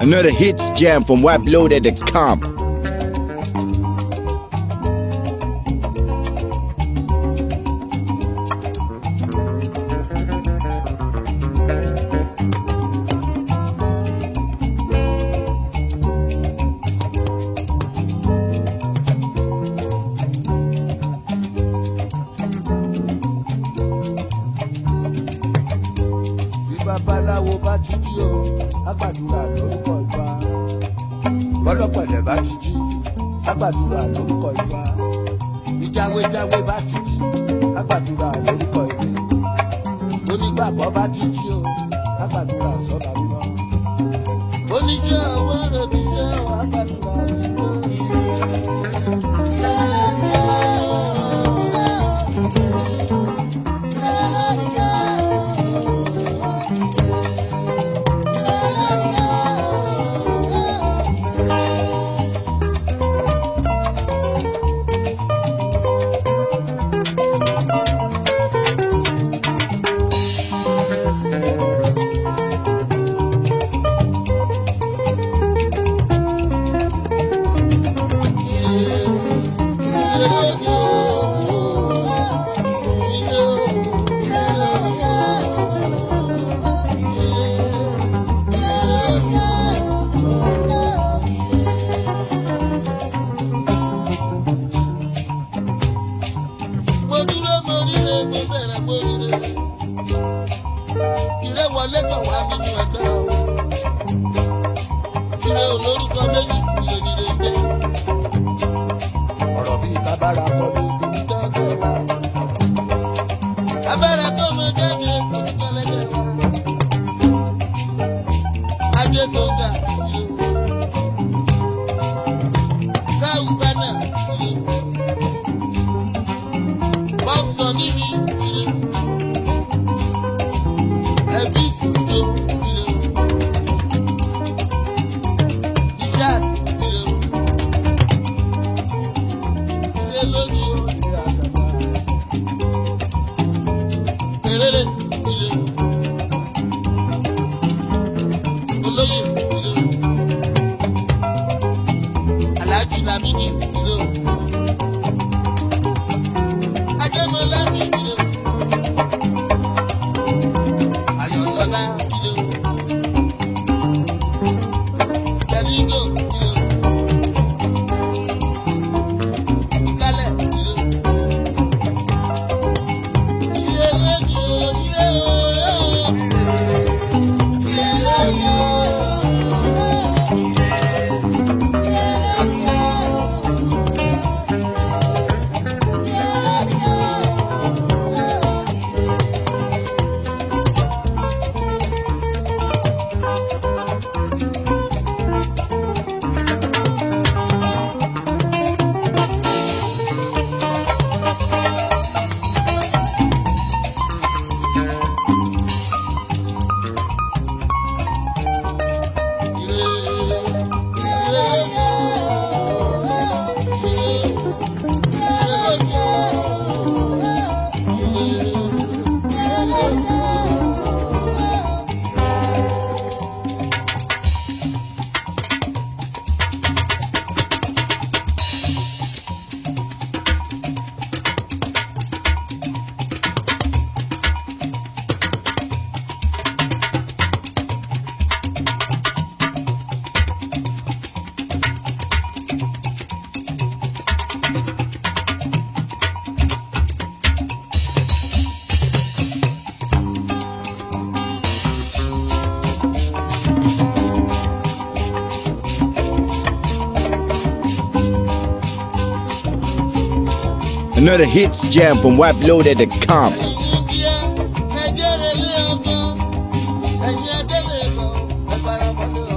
Another hits jam from White babaláwo bá ti jí o agbàdúrà lórúkọ Ifá bọ́lọ́pẹ̀lẹ̀ bá ti jí agbàdúrà lórúkọ Ifá ìjáwéjáwé bá ti jí agbàdúrà lórúkọ ìwé onígbàgbọ́ bá ti jí o agbàdúrà sọ́dà mímọ́ oníṣẹ́ owó rẹ̀ bí. bẹ́ẹ̀ bẹ̀rẹ̀ mọ́ òrìrè. Ìrẹ́wọlé kọ̀ wá nínú ẹgbẹ́ wa. Another hits jam from White Nigeria, Nigeria, Nigeria,